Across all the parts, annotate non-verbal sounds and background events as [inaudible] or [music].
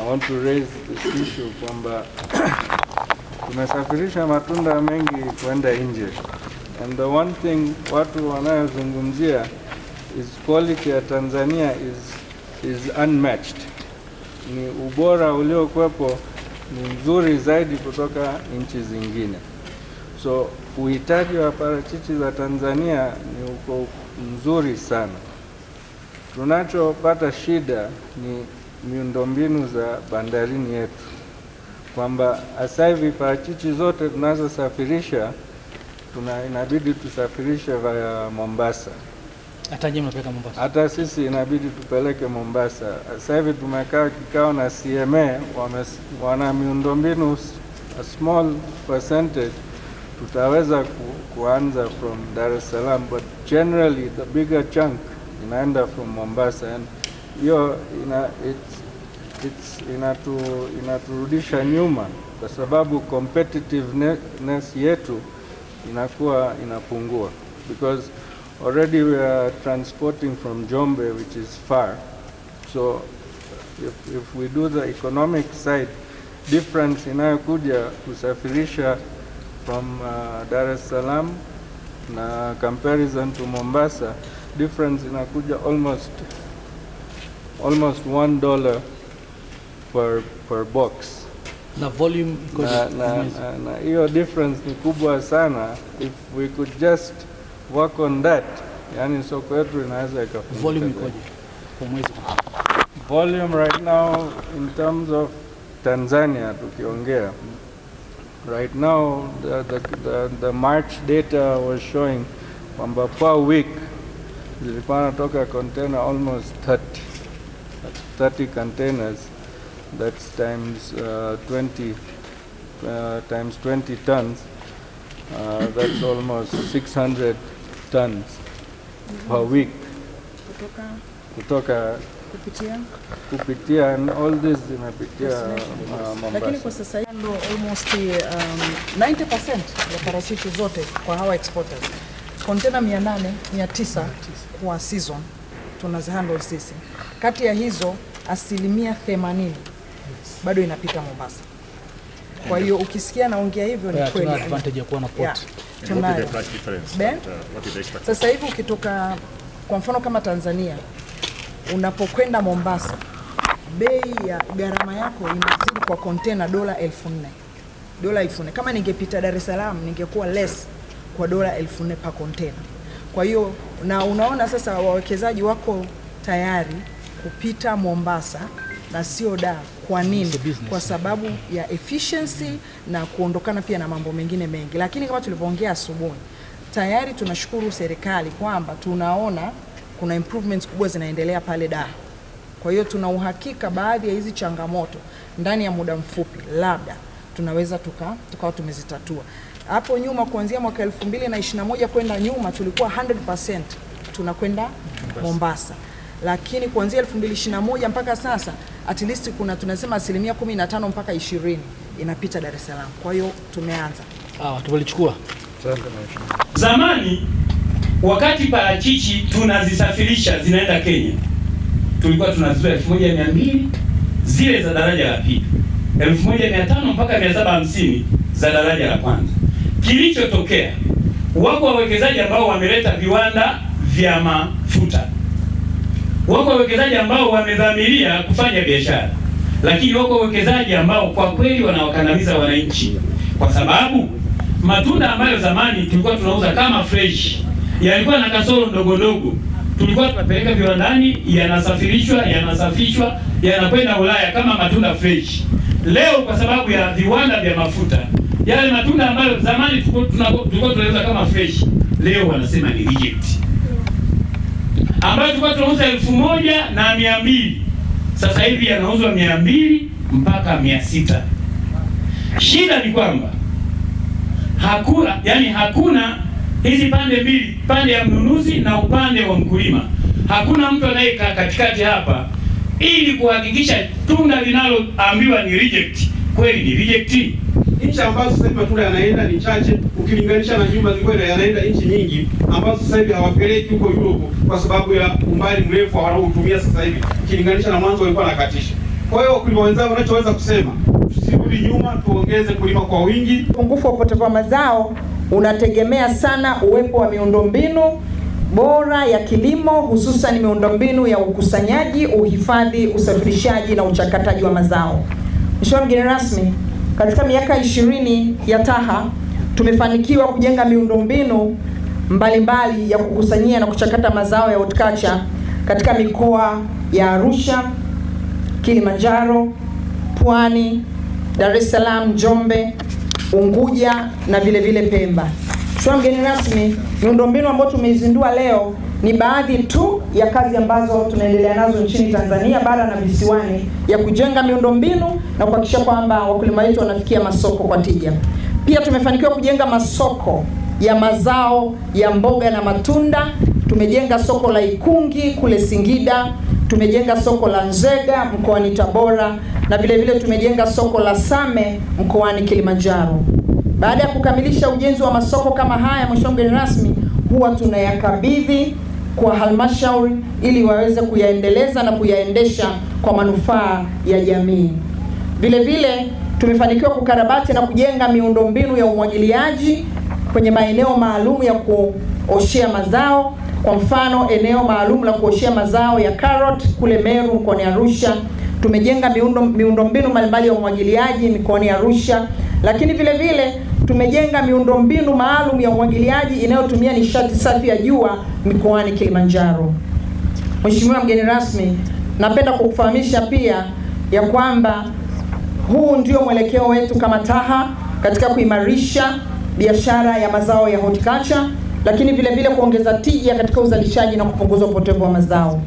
I want to raise this issue kwamba tumesafirisha matunda mengi kwenda nje, and the one thing watu wanayozungumzia is quality ya Tanzania is, is unmatched. Ni ubora uliokuwepo ni mzuri zaidi kutoka nchi zingine, so uhitaji wa parachichi za Tanzania ni uko mzuri sana. Tunachopata shida ni miundombinu za bandarini yetu, kwamba hasa hivi parachichi zote tunazosafirisha tuna inabidi tusafirishe vya Mombasa. Hata nyinyi mnapeleka Mombasa? Hata sisi inabidi tupeleke Mombasa. Sasa hivi tumekaa kikao na CMA, wana miundombinu a small percentage tutaweza ku, kuanza from Dar es Salaam but generally the bigger chunk inaenda from Mombasa and hiyo ina, it's, it's inatu, inaturudisha nyuma kwa sababu competitiveness yetu inakuwa inapungua because already we are transporting from Jombe which is far so if, if we do the economic side difference inayokuja kusafirisha from uh, Dar es Salaam na comparison to Mombasa difference inakuja almost almost one dollar per, per box na volume iko na hiyo difference ni kubwa sana. If we could just work on that, yani soko yetu inaweza ikafika. Volume ikoje kwa mwezi? Volume right now in terms of Tanzania tukiongea right now the, the, the, the March data was showing kwamba per week zilikuwa natoka container almost 30 30 containers, that's times uh, 20 uh, times 20 tons, uh, that's almost 600 tons per mm-hmm. week. Kutoka, kutoka kupitia kupitia and all this zimepitia uh, Mombasa, lakini kwa sasa hivi ndo almost um, 90% ya parachichi zote kwa hawa exporters container 800 900 kwa season tunazihandle sisi. Kati ya hizo asilimia 80 bado inapita Mombasa. Kwa hiyo ukisikia naongea hivyo ni kweli. Tuna advantage ya kuwa na port. Tunayo. Uh, sasa hivi ukitoka kwa mfano kama Tanzania unapokwenda Mombasa bei ya gharama yako inazidi kwa kontena dola elfu nne dola elfu nne Kama ningepita Dar es Salaam ningekuwa less kwa dola elfu nne pa kontena. Kwa hiyo na unaona sasa wawekezaji wako tayari kupita Mombasa na sio da Kwa nini? Kwa sababu ya efficiency na kuondokana pia na mambo mengine mengi, lakini kama tulivyoongea asubuhi, tayari tunashukuru serikali kwamba tunaona kuna improvements kubwa zinaendelea pale da Kwa hiyo tuna uhakika baadhi ya hizi changamoto ndani ya muda mfupi labda tunaweza tukawa tumezitatua. Hapo nyuma kuanzia mwaka 2021 kwenda nyuma tulikuwa 100% tunakwenda Mombasa lakini kuanzia 2021 mpaka sasa at least kuna tunasema asilimia 15 mpaka 20 inapita Dar es Salaam. Kwa hiyo tumeanza ah, tumelichukua zamani. Wakati parachichi tunazisafirisha zinaenda Kenya, tulikuwa tunazitoa 1200 zile za daraja la pili, 1500 mpaka 750 za daraja la kwanza. Kilichotokea, wako wawekezaji ambao wameleta viwanda vya mafuta Wako wawekezaji ambao wamedhamiria kufanya biashara, lakini wako wawekezaji ambao kwa kweli wanawakandamiza wananchi, kwa sababu matunda ambayo zamani tulikuwa tunauza kama fresh yalikuwa na kasoro ndogo ndogo, tulikuwa tunapeleka viwandani, yanasafirishwa, yanasafishwa, yanakwenda Ulaya kama matunda fresh. Leo kwa sababu ya viwanda vya mafuta, yale matunda ambayo zamani tulikuwa tunauza kama fresh, leo wanasema ni reject ambayo tulikuwa tunauza elfu moja na mia mbili sasa hivi yanauzwa mia mbili mpaka mia sita. Shida ni kwamba hakuna, yani hakuna hizi pande mbili, pande ya mnunuzi na upande wa mkulima. Hakuna mtu anayekaa katikati hapa ili kuhakikisha tunda linaloambiwa ni reject kweli ni reject nchi ambazo sasa hivi matunda yanaenda ni chache, ukilinganisha na nyuma zilikuwa yanaenda nchi nyingi ambazo sasa hivi hawapeleki huko Europe kwa sababu ya umbali mrefu wanaotumia sasa hivi, ukilinganisha na mwanzo walikuwa nakatisha. Kwa hiyo wakulima wenzao, wanachoweza kusema tusirudi nyuma, tuongeze kulima kwa wingi. Upungufu wa upotevu wa mazao unategemea sana uwepo wa miundombinu bora ya kilimo hususan miundombinu ya ukusanyaji, uhifadhi, usafirishaji na uchakataji wa mazao. Mheshimiwa mgeni rasmi katika miaka ishirini ya TAHA tumefanikiwa kujenga miundombinu mbalimbali ya kukusanyia na kuchakata mazao ya horticulture katika mikoa ya Arusha, Kilimanjaro, Pwani, Dar es Salaam, Njombe, Unguja na vile vile Pemba. Mheshimiwa mgeni rasmi, miundombinu ambayo tumeizindua leo ni baadhi tu ya kazi ambazo tunaendelea nazo nchini Tanzania bara na visiwani, ya kujenga miundombinu na kuhakikisha kwamba wakulima wetu wanafikia masoko kwa tija. Pia tumefanikiwa kujenga masoko ya mazao ya mboga na matunda. Tumejenga soko la Ikungi kule Singida, tumejenga soko la Nzega mkoani Tabora, na vile vile tumejenga soko la Same mkoani Kilimanjaro. Baada ya kukamilisha ujenzi wa masoko kama haya, mheshimiwa mgeni rasmi, huwa tunayakabidhi kwa halmashauri ili waweze kuyaendeleza na kuyaendesha kwa manufaa ya jamii. Vile vile tumefanikiwa kukarabati na kujenga miundombinu ya umwagiliaji kwenye maeneo maalum ya kuoshea mazao. Kwa mfano, eneo maalum la kuoshea mazao ya carrot kule Meru mkoani Arusha. Tumejenga miundo miundombinu mbalimbali ya umwagiliaji mikoani Arusha, lakini vile vile tumejenga miundombinu maalum ya umwagiliaji inayotumia nishati safi ya jua mikoani Kilimanjaro. Mheshimiwa mgeni rasmi, napenda kukufahamisha pia ya kwamba huu ndio mwelekeo wetu kama TAHA katika kuimarisha biashara ya mazao ya horticulture, lakini vile vile kuongeza tija katika uzalishaji na kupunguza upotevu wa mazao.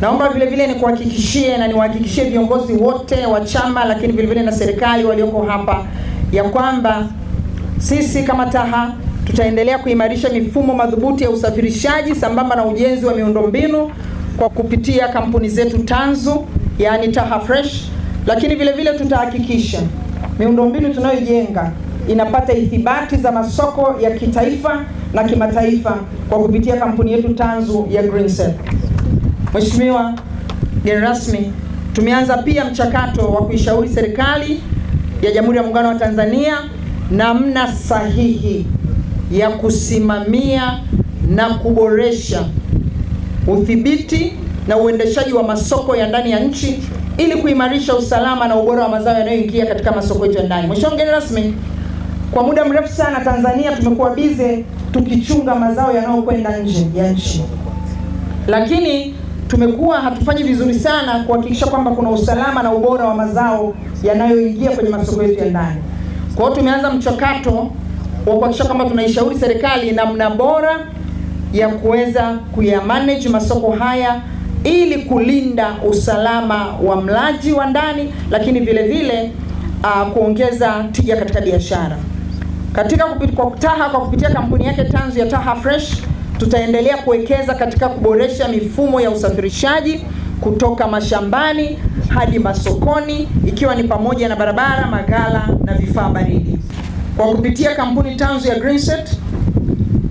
Naomba vile vile nikuhakikishie na niwahakikishie viongozi wote wa chama, lakini vile vile na serikali walioko hapa ya kwamba sisi kama TAHA tutaendelea kuimarisha mifumo madhubuti ya usafirishaji sambamba na ujenzi wa miundombinu kwa kupitia kampuni zetu tanzu, yani TAHA Fresh, lakini vile vile tutahakikisha miundombinu tunayojenga inapata ithibati za masoko ya kitaifa na kimataifa kwa kupitia kampuni yetu tanzu ya Greensell. Mheshimiwa mgeni rasmi, tumeanza pia mchakato wa kuishauri serikali ya Jamhuri ya Muungano wa Tanzania namna sahihi ya kusimamia na kuboresha udhibiti na uendeshaji wa masoko ya ndani ya nchi ili kuimarisha usalama na ubora wa mazao yanayoingia katika masoko yetu ya ndani. Mheshimiwa mgeni rasmi, kwa muda mrefu sana Tanzania tumekuwa bize tukichunga mazao yanayokwenda nje ya nchi, lakini tumekuwa hatufanyi vizuri sana kuhakikisha kwamba kuna usalama na ubora wa mazao yanayoingia kwenye masoko yetu ya ndani. Kwa hiyo tumeanza mchakato wa kuhakikisha kwamba tunaishauri serikali namna bora ya kuweza kuyamanage masoko haya ili kulinda usalama wa mlaji wa ndani, lakini vile vile uh, kuongeza tija katika biashara. Katika kupit, kwa TAHA kwa kupitia kampuni yake tanzu ya TAHA Fresh tutaendelea kuwekeza katika kuboresha mifumo ya usafirishaji kutoka mashambani hadi masokoni, ikiwa ni pamoja na barabara, magala na vifaa baridi, kwa kupitia kampuni tanzu ya Greenset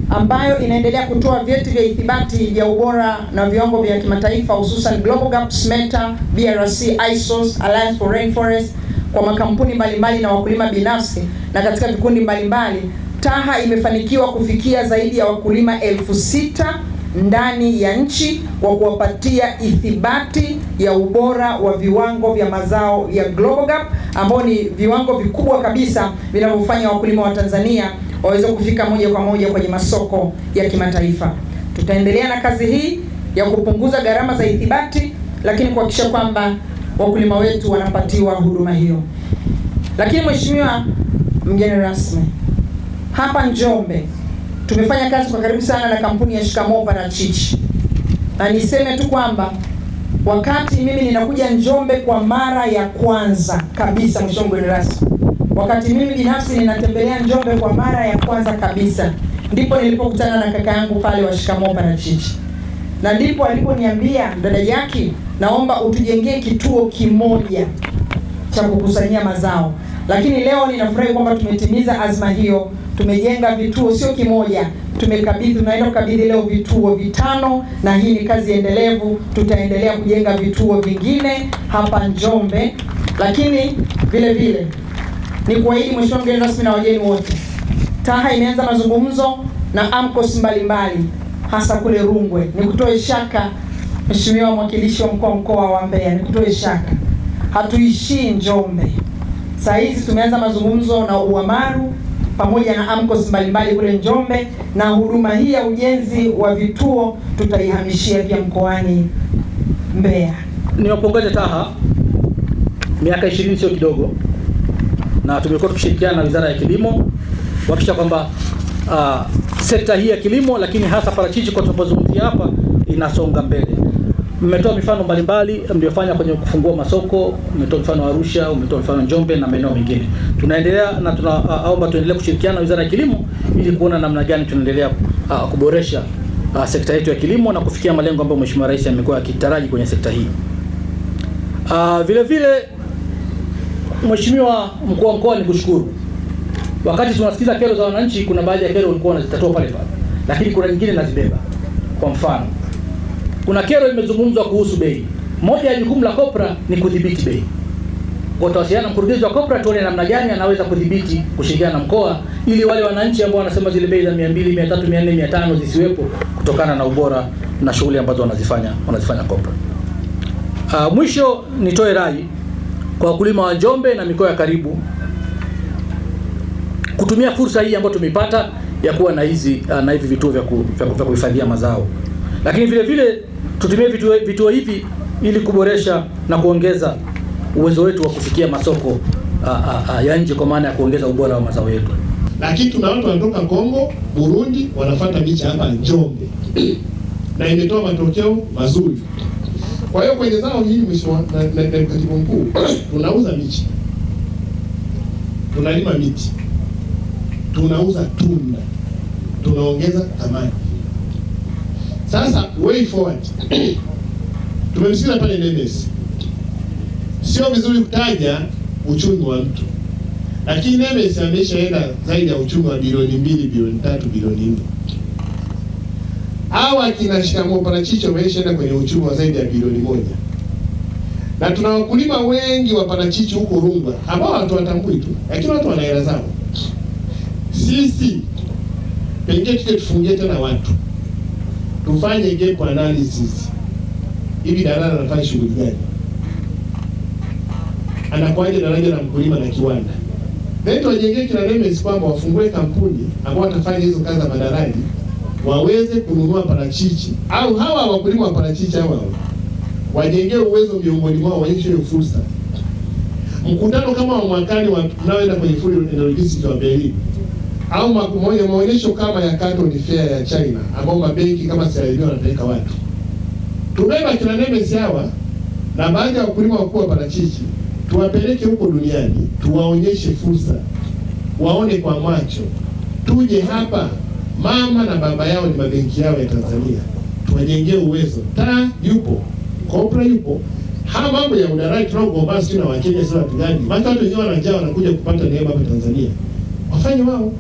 ambayo inaendelea kutoa vyeti vya ithibati vya ubora na viwango vya kimataifa hususan Global Gaps SMETA, BRC, ISOS, Alliance for Rainforest kwa makampuni mbalimbali na wakulima binafsi na katika vikundi mbalimbali. Taha imefanikiwa kufikia zaidi ya wakulima elfu sita ndani ya nchi kwa kuwapatia ithibati ya ubora wa viwango vya mazao ya Global Gap, ambao ni viwango vikubwa kabisa vinavyofanya wakulima wa Tanzania waweze kufika moja kwa moja kwenye masoko ya kimataifa. Tutaendelea na kazi hii ya kupunguza gharama za ithibati, lakini kuhakikisha kwamba wakulima wetu wanapatiwa huduma hiyo. Lakini mheshimiwa mgeni rasmi, hapa Njombe Tumefanya kazi kwa karibu sana na kampuni ya Shikamoo Parachichi, na niseme tu kwamba wakati mimi ninakuja Njombe kwa mara ya kwanza kabisa, mheshimiwa mgeni rasmi, wakati mimi binafsi ninatembelea Njombe kwa mara ya kwanza kabisa, ndipo nilipokutana na kaka yangu pale wa Shikamoo Parachichi, na ndipo aliponiambia dada Jaki, naomba utujengee kituo kimoja cha kukusanyia mazao. Lakini leo ninafurahi kwamba tumetimiza azma hiyo, tumejenga vituo sio kimoja, tumekabidhi, tunaenda kukabidhi leo vituo vitano, na hii ni kazi endelevu. Tutaendelea kujenga vituo vingine hapa Njombe, lakini vile vile ni kuahidi, mheshimiwa mgeni rasmi na wageni wote, TAHA imeanza mazungumzo na AMCOS mbalimbali hasa kule Rungwe. Nikutoe shaka Mheshimiwa mwakilishi wa mkoa mkoa wa Mbeya, nikutoe shaka, hatuishii Njombe. Sasa hizi tumeanza mazungumzo na Uamaru pamoja na AMCOS mbalimbali kule Njombe, na huduma hii ya ujenzi wa vituo tutaihamishia pia mkoani Mbeya. Niwapongeze TAHA, miaka 20 sio kidogo, na tumekuwa tukishirikiana na Wizara ya Kilimo kuhakikisha kwamba uh, sekta hii ya kilimo lakini hasa parachichi kwa tunapozungumzia hapa inasonga mbele. Mmetoa mifano mbalimbali mliofanya kwenye kufungua masoko, mmetoa mfano Arusha, umetoa mfano Njombe na maeneo mengine. Tunaendelea na tunaomba tuendelee kushirikiana na Wizara ya Kilimo ili kuona namna gani tunaendelea uh, kuboresha uh, sekta yetu ya kilimo na kufikia malengo ambayo Mheshimiwa Rais amekuwa akitaraji kwenye sekta hii. Uh, vile vile Mheshimiwa mkuu wa mkoa, nikushukuru. Wakati tunasikiza kero za wananchi, kuna baadhi ya kero ulikuwa unazitatua pale pale, lakini kuna nyingine nazibeba. Kwa mfano kuna kero imezungumzwa kuhusu bei. Moja ya jukumu la kopra ni kudhibiti bei. Kwa tawasiliana mkurugenzi wa kopra tuone namna gani anaweza kudhibiti kushirikiana na mkoa ili wale wananchi ambao wanasema zile bei za 200, 300, 400, 500 zisiwepo kutokana na ubora na shughuli ambazo wanazifanya wanazifanya kopra. Uh, ah, mwisho nitoe rai kwa wakulima wa Njombe na mikoa ya karibu kutumia fursa hii ambayo tumeipata ya kuwa na hizi ah, na hivi vituo vya kuhifadhia mazao, lakini vile vile Tutumie vituo, vituo hivi ili kuboresha na kuongeza uwezo wetu wa kufikia masoko ya nje kwa maana ya kuongeza ubora wa mazao yetu. Lakini tuna watu wanatoka Kongo, Burundi wanafuata miche hapa Njombe na imetoa matokeo mazuri. Kwa hiyo kwenye zao hili, mheshimiwa na, katibu mkuu, [clears throat] tunauza miche, tunalima miti, tunauza tunda, tunaongeza thamani. Sasa way forward [clears throat] tumemsikiza pale Nemes, sio vizuri kutaja uchumi wa mtu, lakini Nemes ameshaenda zaidi ya uchumi wa bilioni mbili, bilioni tatu, bilioni nne. Hawa akina Shikamoo parachichi wameshaenda kwenye uchumi wa zaidi ya bilioni moja, na tuna wakulima wengi wa parachichi huko Rungwe ambao watu watambui tu, lakini watu wana hela zao. Sisi pengine tuje tufungie tena watu tufanye gap analysis, hivi dalala anafanya shughuli gani? Anakuwaje daraja la mkulima na kiwanda? Then tuwajengee kina Nemes kwamba wafungue kampuni ambao watafanya hizo kazi za madaraja, waweze kununua parachichi au hawa wakulima wa parachichi hawa wajengee uwezo miongoni mwao, waishe hiyo fursa. Mkutano kama wa mwakani mnaoenda kwenye Food and Logistics wa Berlin au maonyesho kama ya Canton Fair ya China ambao mabenki kama CRDB wanapeleka watu. Tubeba kina Nemes hawa na baadhi ya wakulima wakuu wa parachichi, tuwapeleke huko duniani, tuwaonyeshe fursa, waone kwa macho, tuje hapa. Mama na baba yao ni mabenki yao ya Tanzania, tuwajengee uwezo. Ta yupo kopra yupo haya mambo ya udarai tunaogombana sio na Wakenya sio wapigani, maana watu wenyewe wanajaa wanakuja kupata neema hapa Tanzania, wafanye wao.